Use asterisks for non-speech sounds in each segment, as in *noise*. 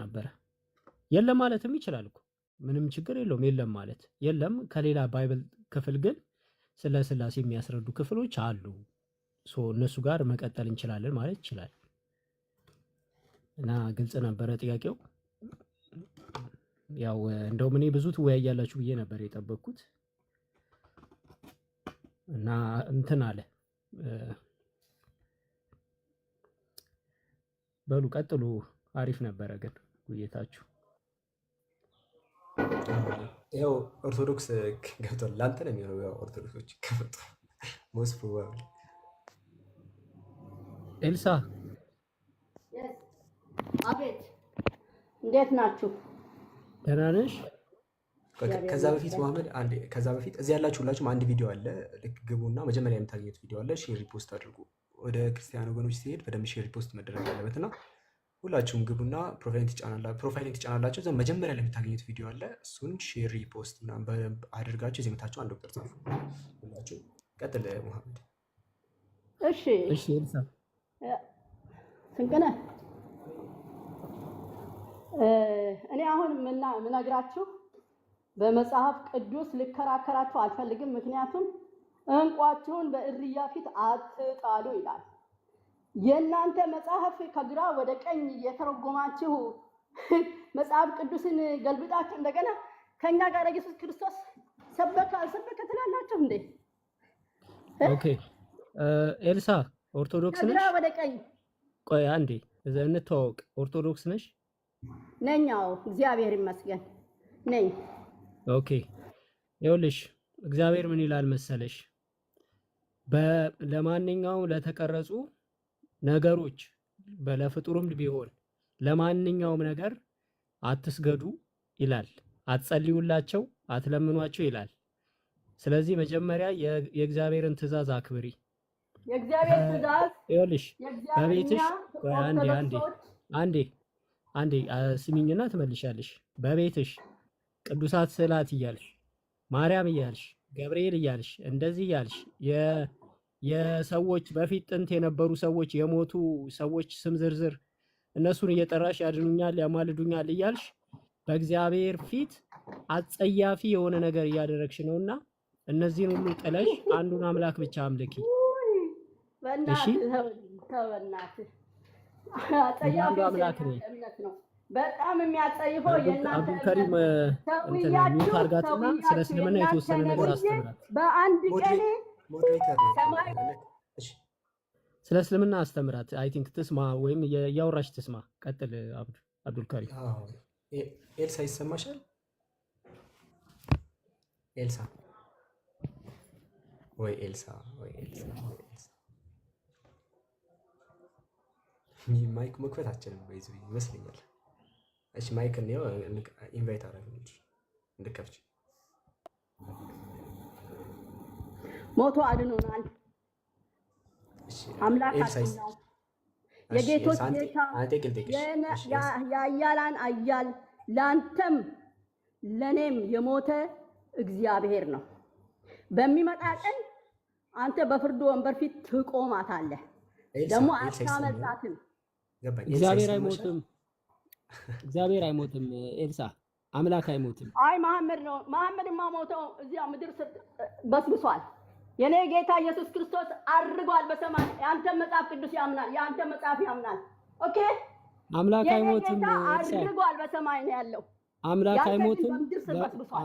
ነበረ። የለም ማለትም ይችላል እኮ ምንም ችግር የለውም። የለም ማለት የለም። ከሌላ ባይብል ክፍል ግን ስለ ስላሴ የሚያስረዱ ክፍሎች አሉ። እነሱ ጋር መቀጠል እንችላለን ማለት ይችላል። እና ግልጽ ነበረ ጥያቄው። ያው እንደውም እኔ ብዙ ትወያያላችሁ ብዬ ነበር የጠበቅኩት እና እንትን አለ። በሉ ቀጥሉ። አሪፍ ነበረ ግን ውይይታችሁ። ያው ኦርቶዶክስ ገብቷል። ለአንተ ነው የሚሆነው። ያው ኦርቶዶክሶች ከመጡ ሞስ ፕሮባብሊ ኤልሳ አቤት፣ እንዴት ናችሁ? ደህና ነሽ? ከዛ በፊት መሐመድ፣ ከዛ በፊት እዚህ ያላችሁ ሁላችሁም አንድ ቪዲዮ አለ። ልክ ግቡና መጀመሪያ የምታገኘት ቪዲዮ አለ። ሼር ሪፖስት አድርጉ። ወደ ክርስቲያን ወገኖች ሲሄድ በደንብ ሼር ሪፖስት መደረግ አለበት ነው። ሁላችሁም ግቡና ፕሮፋይልን ትጫናላችሁ። መጀመሪያ ላይ የምታገኙት ቪዲዮ አለ። እሱን ሼሪ ፖስት አድርጋችሁ ዜመታችሁ አንድ ወቅት ጻፉ። ሁላችሁ ቀጥል መሐመድ። እሺ እሺ፣ ስንቅነህ እኔ አሁን ምነግራችሁ በመጽሐፍ ቅዱስ ልከራከራችሁ አልፈልግም። ምክንያቱም እንቋችሁን በእርያ ፊት አትጣሉ ይላል የእናንተ መጽሐፍ ከግራ ወደ ቀኝ የተረጎማችሁ *laughs* መጽሐፍ ቅዱስን ገልብጣችሁ እንደገና ከኛ ጋር ኢየሱስ ክርስቶስ ሰበከ አልሰበከ ትላላችሁ እንዴ? ኦኬ ኤልሳ ኦርቶዶክስ ነሽ? ከግራ ወደ ቀኝ ቆይ አንዴ እዛ እንተዋወቅ። ኦርቶዶክስ ነሽ? ነኛው እግዚአብሔር ይመስገን ነኝ። ኦኬ ይኸውልሽ እግዚአብሔር ምን ይላል መሰለሽ ለማንኛውም ለተቀረጹ ነገሮች ለፍጡርም ቢሆን ለማንኛውም ነገር አትስገዱ ይላል። አትጸልዩላቸው፣ አትለምኗቸው ይላል። ስለዚህ መጀመሪያ የእግዚአብሔርን ትእዛዝ አክብሪ። የእግዚአብሔር ትእዛዝ ይኸውልሽ በቤትሽ አንዴ አንዴ አንዴ አንዴ ስሚኝና ትመልሻለሽ። በቤትሽ ቅዱሳት ስዕላት እያልሽ ማርያም እያልሽ ገብርኤል እያልሽ እንደዚህ እያልሽ የሰዎች በፊት ጥንት የነበሩ ሰዎች የሞቱ ሰዎች ስም ዝርዝር እነሱን እየጠራሽ ያድኑኛል፣ ያማልዱኛል እያልሽ በእግዚአብሔር ፊት አጸያፊ የሆነ ነገር እያደረግሽ ነው እና እነዚህን ሁሉ ጥለሽ አንዱን አምላክ ብቻ አምልኪ። አንዱ አምላክ ነው። በጣም የሚያጸይፈው አብዱልከሪም እንትን ሚውት ስለ እስልምና የተወሰነ ነገር አስተምራት በአንድ ቀኔ ሞዴሬተር ነው። ስለ እስልምና አስተምራት አይ ቲንክ ትስማ ወይም ያወራሽ ትስማ። ቀጥል አብዱልካሪ። ኤልሳ ይሰማሻል? ኤልሳ ወይ ኤልሳ ወይ ኤልሳ ማይክ መክፈት አችልም ወይ ዝም ይመስለኛል። እሺ ማይክ ነው ኢንቫይት አረግ እንዴ እንድከፍች ሞቶ አድኖናል። አምላካችን ነው። የጌቶች ጌታ የአያላን አያል ለአንተም ለእኔም የሞተ እግዚአብሔር ነው። በሚመጣ ቀን አንተ በፍርድ ወንበር ፊት ትቆማታለህ። ደግሞ አታመልጣትም። እግዚአብሔር አይሞትም። እግዚአብሔር አይሞትም። ኤልሳ አምላክ አይሞትም። አይ መሐመድ ነው። መሐመድማ ሞተው እዚያ ምድር በስብሷል። የኔ ጌታ ኢየሱስ ክርስቶስ አድርጓል በሰማይ። የአንተ መጽሐፍ ቅዱስ ያምናል፣ የአንተ መጽሐፍ ያምናል። ኦኬ አምላክ አይሞትም፣ አድርጓል በሰማይ ነው ያለው። አምላክ አይሞትም።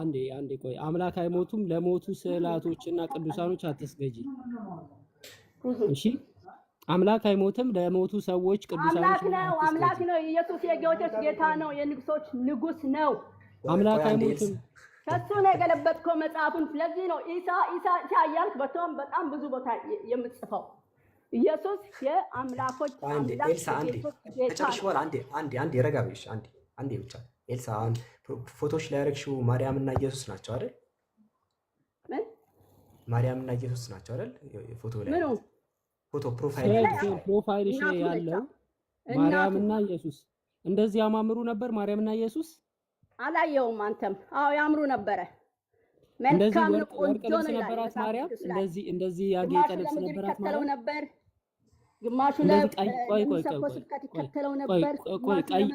አንዴ አንዴ ቆይ፣ አምላክ አይሞትም። ለሞቱ ስዕላቶችና ቅዱሳኖች አትስገጂ። እሺ አምላክ አይሞትም። ለሞቱ ሰዎች ቅዱሳኖች አምላክ ነው፣ አምላክ ነው። ኢየሱስ የጌቶች ጌታ ነው፣ የንጉሶች ንጉስ ነው። አምላክ አይሞትም ከሱ ነው የገለበጥከው መጽሐፉን። ስለዚህ ነው ኢሳ ኢሳ እያልክ በቶም በጣም ብዙ ቦታ የምትጽፈው ኢየሱስ የአምላኮች አንዴ ረጋ ብለሽ አንዴ አንዴ ብቻ ኤልሳ፣ አሁን ፎቶች ላይ ያደረግሽው ማርያም እና ኢየሱስ ናቸው አይደል? ማርያም እና ኢየሱስ ናቸው አይደል? ፎቶ ላይ ፎቶ ፕሮፋይልሽ ያለው ማርያም እና ኢየሱስ እንደዚህ ያማምሩ ነበር ማርያም እና ኢየሱስ አላየውም። አንተም አዎ ያምሩ ነበረ። መልካም ቆንጆ ነው ነበራት ማርያም። እንደዚህ እንደዚህ ያጌጠ ልብስ ነበራት ማርያም ነበር። ግማሹ ለስብከት ይከተለው ነበር።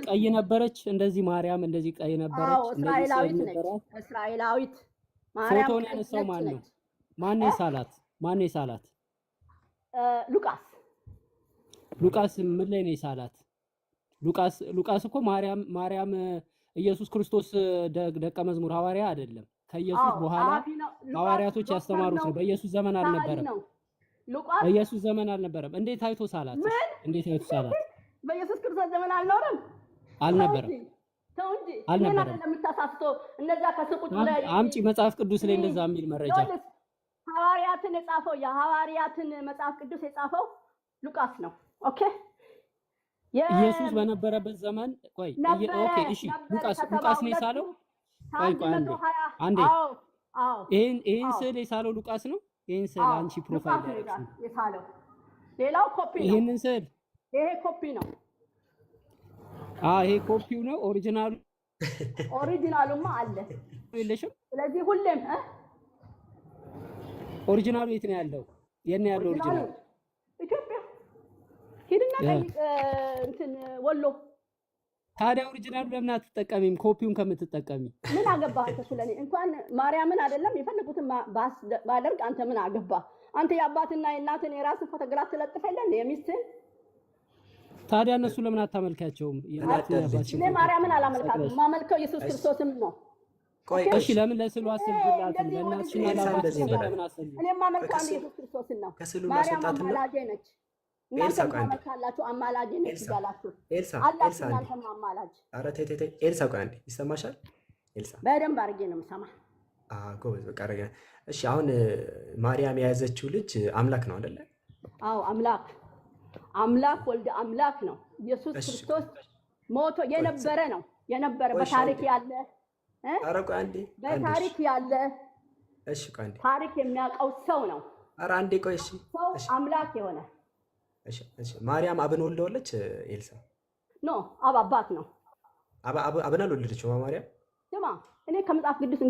ቀይ ነበረች እንደዚህ ማርያም፣ እንደዚህ ቀይ ነበረች። እስራኤላዊት ነች። እስራኤላዊት ማርያም። ፎቶውን ያነሳው ማን ነው? ማን የሳላት? ማን የሳላት? ሉቃስ ሉቃስ ምን ላይ ነው የሳላት? ሉቃስ ሉቃስ እኮ ማርያም ማርያም ኢየሱስ ክርስቶስ ደቀ መዝሙር ሐዋርያ አይደለም። ከኢየሱስ በኋላ ሐዋርያቶች ያስተማሩት ነው። በኢየሱስ ዘመን አልነበረም። በኢየሱስ ዘመን አልነበረም። እንዴት ታይቶ ሳላት? እንዴት ታይቶ ሳላት? በኢየሱስ ክርስቶስ ዘመን አልኖርም፣ አልነበረም። ተው እንጂ አልነበረም። የምታሳስተው እነዛ ከስቁጭ ላይ አምጪ መጽሐፍ ቅዱስ ላይ እንደዛ የሚል መረጃ ሐዋርያትን የጻፈው የሐዋርያትን መጽሐፍ ቅዱስ የጻፈው ሉቃስ ነው። ኦኬ ኢየሱስ በነበረበት ዘመን ቆይ፣ ኦኬ፣ እሺ፣ ሉቃስ ሉቃስ ነው የሳለው? ቆይ ቆይ፣ አንዴ አንዴ፣ ይሄን ይሄን ስዕል የሳለው ሉቃስ ነው። ይሄን ስዕል አንቺ ፕሮፋይል ነው የሳለው ሌላው ኮፒ ነው። ይሄንን ስዕል ይሄ ኮፒ ነው። አዎ፣ ይሄ ኮፒው ነው። ኦሪጂናሉ ኦሪጂናሉማ አለ የለሽም። ስለዚህ ሁሌም ኦሪጂናሉ የት ነው ያለው? የት ነው ያለው ኦሪጂናሉ ሂድና ጠይቅ እንትን ወሎ ታዲያ ኦሪጂናሉ ለምን አትጠቀሚም? ኮፒውን ከምትጠቀሚ ምን አገባህ አንተ ስለኔ? እንኳን ማርያምን አይደለም የፈለጉትን ባደርግ አንተ ምን አገባህ አንተ? የአባትና የእናትን የራስን ፎቶግራፍ ትለጥፈለን የሚስትህን። ታዲያ እነሱ ለምን አታመልካቸውም? እኔ ማርያምን አላመልካትም። ማመልከው ኢየሱስ ክርስቶስም ነው። እሺ ለምን ለስዕሉ አሰግድላትም? ለእናትሽና ለምን አሰግድ? እኔ ማመልከው አንድ ኢየሱስ ክርስቶስን ነው። ማርያም አማላጄ ነች። ኤልሳ አሁን ማርያም የያዘችው ልጅ አምላክ ነው አይደለ? አዎ አምላክ አምላክ ወልድ አምላክ ነው። ኢየሱስ ክርስቶስ ሞቶ የነበረ ነው የነበረ በታሪክ ያለ ኧረ ቆይ አንዴ በታሪክ ያለ እሺ ቆይ አንዴ ታሪክ የሚያውቀው ሰው ነው። ኧረ አንዴ ቆይ እሺ ሰው አምላክ የሆነ ማርያም አብን ወልደዋለች። ኤልሳ ኖ አብ አባት ነው። አብን አልወለደችው ማርያም። ስማ እኔ ከመጽሐፍ ቅዱስ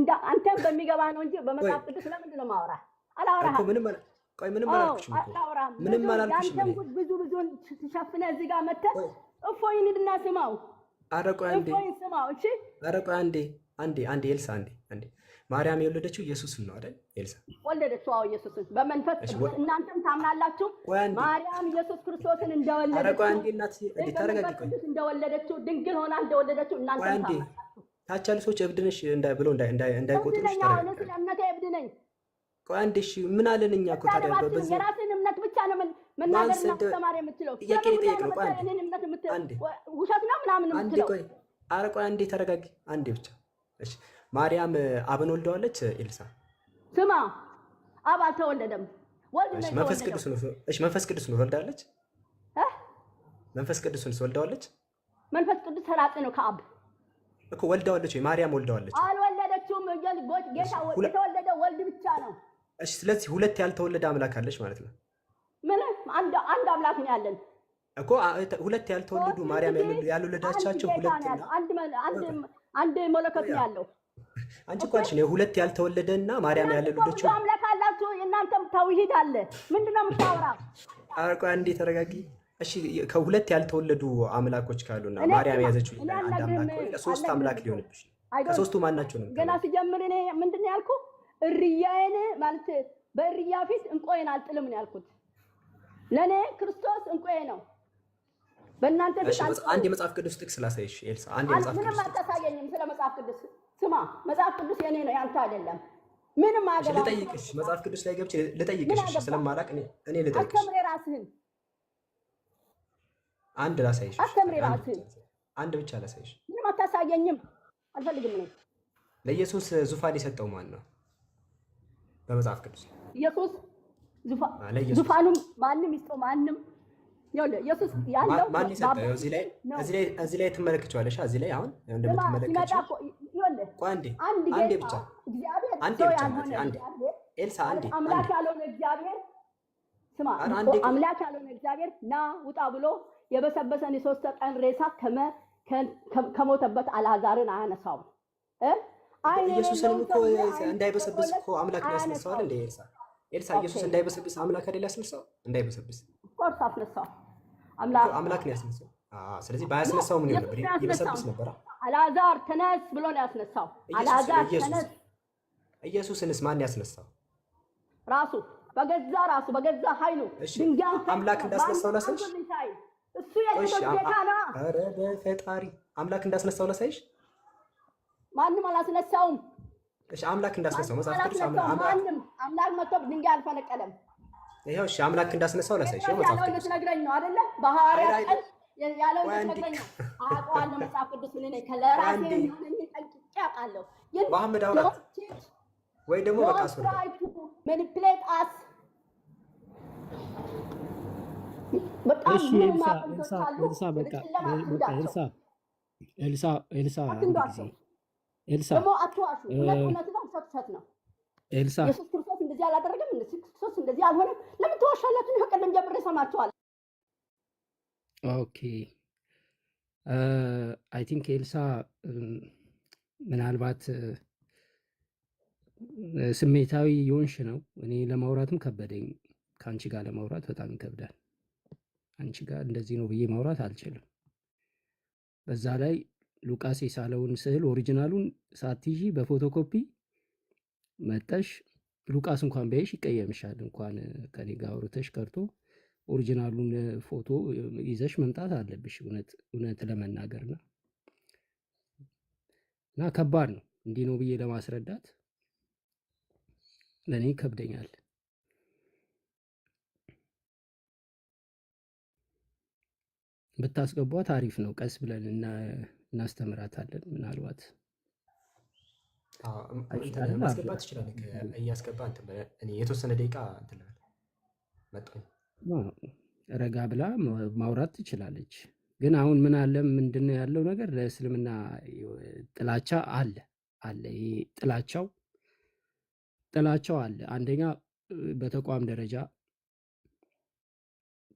እንደ አንተም በሚገባ ነው እንጂ በመጽሐፍ ቅዱስ ለምንድን ነው ማውራ አላወራህም። ምንም አላልኩሽም። ብዙ ብዙ ሸፍነህ እዚህ ጋር መተህ እፎይ እንሂድና ስማው። ኧረ ቆይ አንዴ፣ ኧረ ቆይ አንዴ፣ አንዴ፣ አንዴ ኤልሳ፣ አንዴ፣ አንዴ ማርያም የወለደችው ኢየሱስ ነው አይደል? ኤልሳ ወለደችው። አዎ ኢየሱስን በመንፈስ እናንተም ታምናላችሁ። ማርያም ኢየሱስ ክርስቶስን እንደወለደችው ድንግል ሆና እንደወለደችው እናንተ ታምናላችሁ። ታች ያሉ ሰዎች እብድ ነሽ ብሎ እንዳይቆጥሩሽ ስለ እምነቴ እብድ ነኝ። ቆይ አንዴ እሺ፣ ምን አለን እኛ እኮ ታዲያ በዚህ የራስን እምነት ብቻ ነው መናገርና ማስተማር የምትችለው። ጥያቄ ጠይቅ ነው። አንዴ ውሸት ነው ምናምን የምትለው። አረ ቆይ አንዴ ተረጋጊ፣ አንዴ ብቻ እሺ ማርያም አብን ወልደዋለች። ኤልሳ ስማ፣ አብ አልተወለደም፣ መንፈስ ነው ወልዳለች። መንፈስ ቅዱስን ወልዳዋለች። መንፈስ ቅዱስ ተላጤ ነው ከአብ እኮ ወልደዋለች ወይ ማርያም ወልደዋለች። አልወለደችውም። ጌታ የተወለደ ወልድ ብቻ ነው። እሺ፣ ስለዚህ ሁለት ያልተወለደ አምላክ አለች ማለት ነው። ምን አንድ አምላክ ነው ያለን እኮ ሁለት ያልተወለዱ ማርያም ያልወለዳቻቸው ሁለት አንድ መለከት ነው ያለው አንቺ እኮ አንቺ ነው ሁለት ያልተወለደ እና ማርያም ያለ ልጆች አምላክ አላችሁ። እናንተም ተውሂድ አለ። ምንድን ነው የምታወራው? አርቆ አንዴ ተረጋጊ። እሺ ከሁለት ያልተወለዱ አምላኮች ካሉና ማርያም ያዘችው አንድ አምላክ ወይ ሶስት አምላክ ሊሆንብሽ፣ ከሶስቱ ማናቸው ነው? ገና ሲጀምር እኔ ምንድን ነው ያልኩ? እርያዬን ማለት በእርያ ፊት እንቆይን አልጥልም ነው ያልኩት። ለእኔ ክርስቶስ እንቆይ ነው። በእናንተ አንድ የመጽሐፍ ቅዱስ ጥቅስ ላሳይሽ ኤልሳ። አንድ የመጽሐፍ ቅዱስ ምንም አታሳየኝም ስለ መጽሐፍ ቅዱስ ስማ፣ መጽሐፍ ቅዱስ የኔ ነው ያንተ አይደለም። ምንም አገባ ልጠይቅሽ፣ መጽሐፍ ቅዱስ ላይ ገብቼ ልጠይቅሽ ስለማላቅ እኔ ልጠይቅሽ። አስተምሬ ራስህን አንድ ላሳይሽ፣ አስተምሬ ራስህን አንድ ብቻ ላሳይሽ። ምንም አታሳየኝም፣ አልፈልግም ነው። ለኢየሱስ ዙፋን የሰጠው ማን ነው? በመጽሐፍ ቅዱስ ኢየሱስ ዙፋኑም ማንም ይስጠው ማንም ኢየሱስ ያለው ማን ይሰጠው? እዚህ ላይ እዚህ ላይ ትመለከቻለሽ። እዚህ ላይ አሁን እንደምትመለከቻለሽ ይኸውልህ አንድ ብቻ ኤልሳ አንዴ አምላክ ያልሆነ እግዚአብሔር ስማ፣ አምላክ ያልሆነ እግዚአብሔር ና ውጣ ብሎ የበሰበሰን የሶስት ቀን ሬሳ ከሞተበት አልዓዛርን አያነሳውም። ኢየሱስን እኮ እንዳይበሰብስ እኮ አምላክ ያስነሳዋል። እንደ ኤልሳ ኤልሳ ኢየሱስ እንዳይበሰብስ አምላክ አይደል ያስነሳው? እንዳይበሰብስ ኮርስ አስነሳው። አምላክ ነው ያስነሳው። ስለዚህ ባያስነሳው ምን ይሆን ነበር? ይበሰብስ ነበር። አላዛር ተነስ ብሎ ነው ያስነሳው። አላዛር ተነስ። ኢየሱስንስ ማን ያስነሳው? ራሱ በገዛ ራሱ በገዛ ኃይሉ ድንጋይ አምላክ እንዳስነሳው ላሳይሽ። እሱ የተሰጠታና አረ በፈጣሪ አምላክ እንዳስነሳው ላሳይሽ። ማንም አላስነሳውም። እሺ አምላክ እንዳስነሳው መጽሐፍ ቅዱስ ማንም አምላክ መጥቶ ድንጋይ አልፈነቀለም። ይሄው እሺ አምላክ እንዳስነሳው ላሳይሽ። መጽሐፍ ቅዱስ ነግረኝ ነው አይደለ? በሐዋርያት ያለው ይመስለኛል። አውቀዋለሁ መጽሐፍ ቅዱስ ምን ላይ ከለራሴ ጠንቅቄ አውቃለሁ። ግን ወይ ደግሞ ሜኒፕሌት አስ በጣም እንደዚህ አላደረገም፣ እንደዚህ አልሆነም። ለምን ትዋሻላችሁ? ቅድም ጀምሬ ሰማችኋል። ኦኬ አይ ቲንክ ኤልሳ ምናልባት eh, ስሜታዊ የሆንሽ ነው። እኔ ለማውራትም ከበደኝ። ከአንቺ ጋር ለማውራት በጣም ይከብዳል። አንቺ ጋር እንደዚህ ነው ብዬ ማውራት አልችልም። በዛ ላይ ሉቃስ የሳለውን ስዕል ኦሪጂናሉን ሳትይዢ በፎቶኮፒ መጠሽ ሉቃስ እንኳን ቢያይሽ ይቀየምሻል። እንኳን ከኔ ጋር አውርተሽ ቀርቶ ኦሪጂናሉን ፎቶ ይዘሽ መምጣት አለብሽ። እውነት ለመናገር ና እና ከባድ ነው እንዲህ ነው ብዬ ለማስረዳት ለእኔ ይከብደኛል። ብታስገቧት አሪፍ ነው። ቀስ ብለን እናስተምራታለን። ምናልባት ማስገባት ትችላለህ። እያስገባ የተወሰነ ደቂቃ መጣ ረጋ ብላ ማውራት ትችላለች። ግን አሁን ምን አለ ምንድነው ያለው ነገር ለእስልምና ጥላቻ አለ አለ ይሄ ጥላቻው ጥላቻው አለ። አንደኛ በተቋም ደረጃ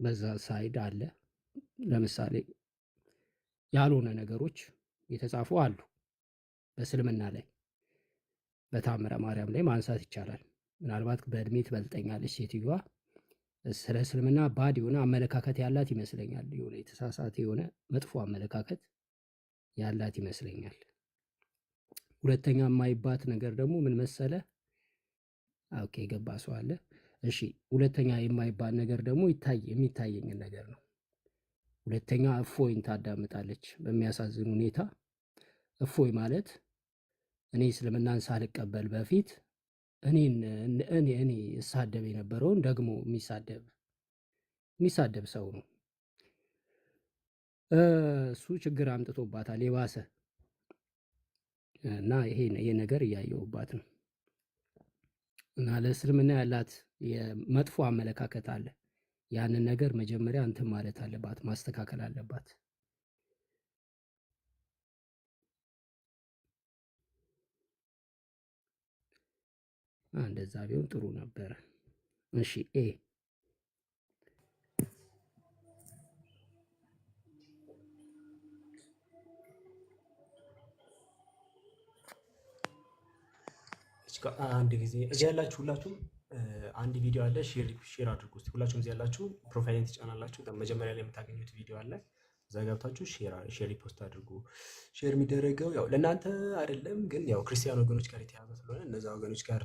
በዛ ሳይድ አለ። ለምሳሌ ያልሆነ ነገሮች የተጻፉ አሉ በእስልምና ላይ በታምረ ማርያም ላይ ማንሳት ይቻላል። ምናልባት በእድሜ ትበልጠኛለች ሴትዮዋ ስለ እስልምና ባድ የሆነ አመለካከት ያላት ይመስለኛል። የሆነ የተሳሳተ የሆነ መጥፎ አመለካከት ያላት ይመስለኛል። ሁለተኛ የማይባት ነገር ደግሞ ምን መሰለ? ኦኬ ገባ ሰው አለ። እሺ ሁለተኛ የማይባት ነገር ደግሞ የሚታየኝን ነገር ነው። ሁለተኛ እፎይን ታዳምጣለች። በሚያሳዝን ሁኔታ እፎይ ማለት እኔ እስልምናን ሳልቀበል በፊት እኔን እኔ እኔ እሳደብ የነበረውን ደግሞ የሚሳደብ የሚሳደብ ሰው ነው። እሱ ችግር አምጥቶባታል የባሰ እና ይሄ ነገር እያየሁባት ነው። እና ለእስልምና ያላት መጥፎ አመለካከት አለ። ያንን ነገር መጀመሪያ እንትን ማለት አለባት፣ ማስተካከል አለባት። እንደዛ ቢሆን ጥሩ ነበረ። እሺ ኤ አንድ ጊዜ እዚህ ያላችሁ ሁላችሁም አንድ ቪዲዮ አለ፣ ሼር አድርጉ እስኪ ሁላችሁም እዚህ ያላችሁ ፕሮፋይልን ትጫናላችሁ። መጀመሪያ ላይ የምታገኙት ቪዲዮ አለ፣ እዛ ገብታችሁ ሼር ሪፖስት አድርጉ። ሼር የሚደረገው ያው ለእናንተ አይደለም፣ ግን ያው ክርስቲያን ወገኖች ጋር የተያዘ ስለሆነ እነዛ ወገኖች ጋር